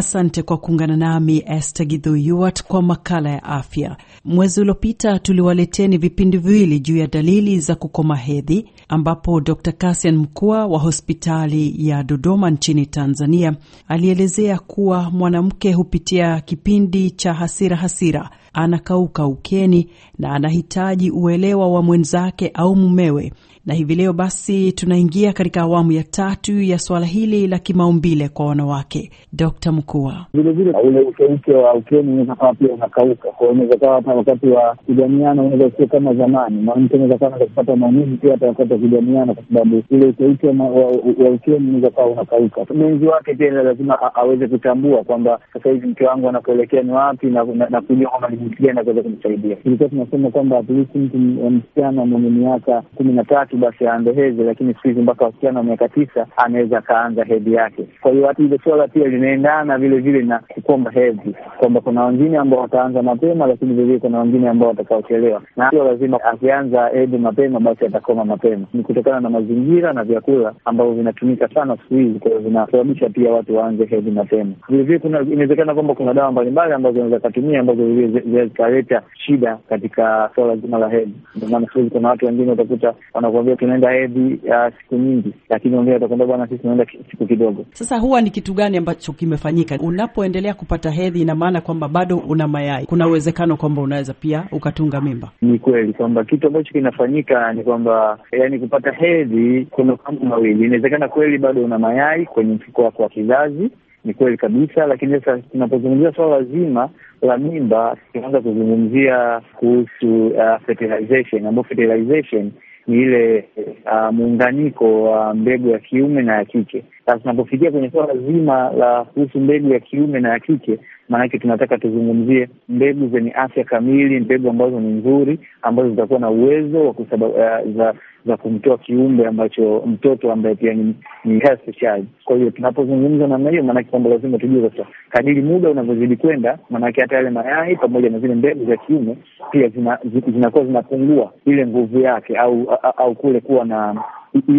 Asante kwa kuungana nami Esther Githu kwa makala ya afya. Mwezi uliopita tuliwaleteni vipindi viwili juu ya dalili za kukoma hedhi, ambapo Dr Kasian Mkua wa hospitali ya Dodoma nchini Tanzania alielezea kuwa mwanamke hupitia kipindi cha hasira hasira, anakauka ukeni na anahitaji uelewa wa mwenzake au mumewe na hivi leo basi tunaingia katika awamu ya tatu ya suala hili la kimaumbile kwa wanawake. Dkt Mkua, vilevile ule ukeuke wa ukeni unaweza kawa pia unakauka kwao, unaweza kawa hata wakati wa kujamiana unaweza usio kama zamani, mwanamke unaweza kawa kupata maumivu pia hata wakati wa kujamiana, kwa sababu ule ukeuke wa ukeni unaweza kawa unakauka. Mwenzi wake pia lazima aweze kutambua kwamba sasa hivi mke wangu anakuelekea ni wapi, na kujua kwamba ni jinsi gani akuweza kumsaidia. Ilikuwa tunasema kwamba at mtu wa msichana mwenye miaka kumi na tatu tatu basi aanze hedhi, lakini siku hizi mpaka wasichana wa miaka tisa anaweza akaanza hedhi yake. Kwa hiyo hata hilo suala pia linaendana vile vile na kukomba hedhi, kwamba kuna wengine ambao wataanza mapema, lakini vilevile kuna wengine ambao watakaochelewa, na hiyo lazima akianza hedhi mapema, basi atakoma mapema. Ni kutokana na mazingira na vyakula ambavyo vinatumika sana siku hizi, kwa hiyo vinasababisha pia watu waanze hedhi mapema. Vilevile kuna inawezekana kwamba kuna dawa mbalimbali ambazo unaweza katumia ambazo vilevile zikaleta shida katika suala zima la hedhi. Ndio maana siku hizi kuna watu wengine utakuta wanakuwa atakwambia tunaenda hedhi uh, ah, siku nyingi, lakini ambia watakwambia bwana, sisi tunaenda siku kidogo. Sasa huwa ni kitu gani ambacho kimefanyika? Unapoendelea kupata hedhi, ina maana kwamba bado una mayai, kuna uwezekano kwamba unaweza pia ukatunga mimba. Ni kweli kwamba kitu ambacho kinafanyika ni kwamba yani, kupata hedhi kuna mambo mawili, inawezekana kweli bado una mayai kwenye mfuko wako wa kizazi ni kweli kabisa, lakini sasa tunapozungumzia swala zima la mimba tunaanza kuzungumzia kuhusu uh, fertilization ambayo fertilization ni ile uh, muunganiko wa uh, mbegu ya kiume na ya kike. Sasa tunapofikia kwenye suala zima la kuhusu mbegu ya kiume na ya kike, maanake tunataka tuzungumzie mbegu zenye afya kamili, mbegu ambazo ni nzuri, ambazo zitakuwa na uwezo wa eh, za za kumtoa kiumbe ambacho mtoto ambaye pia ni, ni child. Kwa hiyo tunapozungumza namna hiyo, maanake kwamba lazima tujue sasa, kadiri muda unavyozidi kwenda, maanake hata yale mayai pamoja na zile mbegu za kiume pia zinakuwa zina, zina zinapungua ile nguvu yake au, au, au kule kuwa na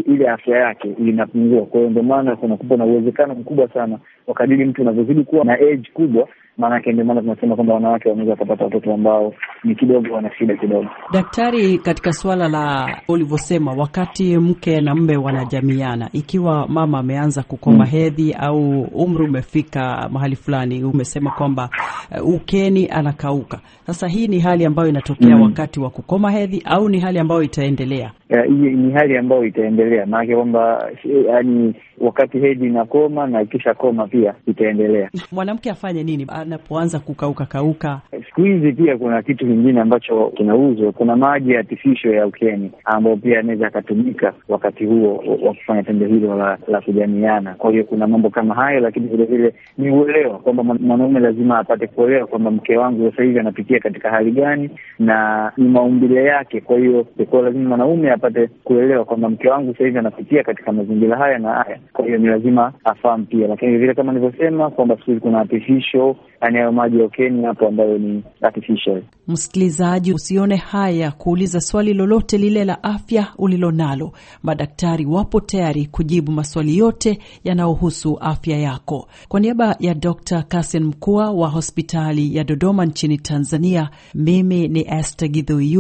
ile afya yake inapungua. Kwa hiyo ndio maana kunakuwa na uwezekano mkubwa sana wakadili mtu unavyozidi kuwa na age kubwa, maanake ndio maana tunasema kwamba wanawake wanaweza wakapata watoto ambao ni kidogo wana shida kidogo. Daktari, katika suala la ulivyosema, wakati mke na mme wanajamiana, ikiwa mama ameanza kukoma hmm, hedhi au umri umefika mahali fulani, umesema kwamba eh, ukeni anakauka sasa hii ni hali ambayo inatokea mm. wakati wa kukoma hedhi au ni hali ambayo itaendelea? Hii uh, ni hali ambayo itaendelea, maanake kwamba yaani wakati hedhi inakoma na ikisha koma pia itaendelea. Mwanamke afanye nini anapoanza kukauka kauka? Siku hizi pia kuna kitu kingine ambacho kinauzwa, kuna maji ya tifisho ya ukeni ambayo pia anaweza akatumika wakati huo wakufanya tendo hilo la, la kujamiana. Kwa hiyo kuna mambo kama hayo, lakini vilevile ni uelewa kwamba mwanaume lazima apate kuelewa kwamba mke wangu sasa hivi anapitia anapitia katika hali gani na ni maumbile yake. Kwa hiyo ikuwa lazima mwanaume apate kuelewa kwamba mke wangu sahizi anapitia katika mazingira haya na haya, kwa hiyo ni lazima afahamu pia. Lakini vile kama nilivyosema kwamba siku hizi kuna artificial, yani hayo maji ya ukeni hapo ambayo ni artificial. Msikilizaji, usione haya kuuliza swali lolote lile la afya ulilonalo. Madaktari wapo tayari kujibu maswali yote yanayohusu afya yako. Kwa niaba ya Dr. Kasen Mkua wa hospitali ya Dodoma nchini Tanzania Tanzania. Mimi ni Esther Githui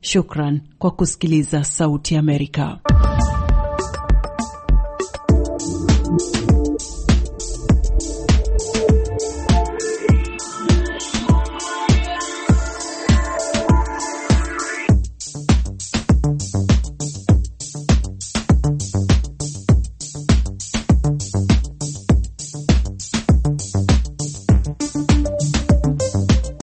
shukran kwa kusikiliza Sauti Amerika.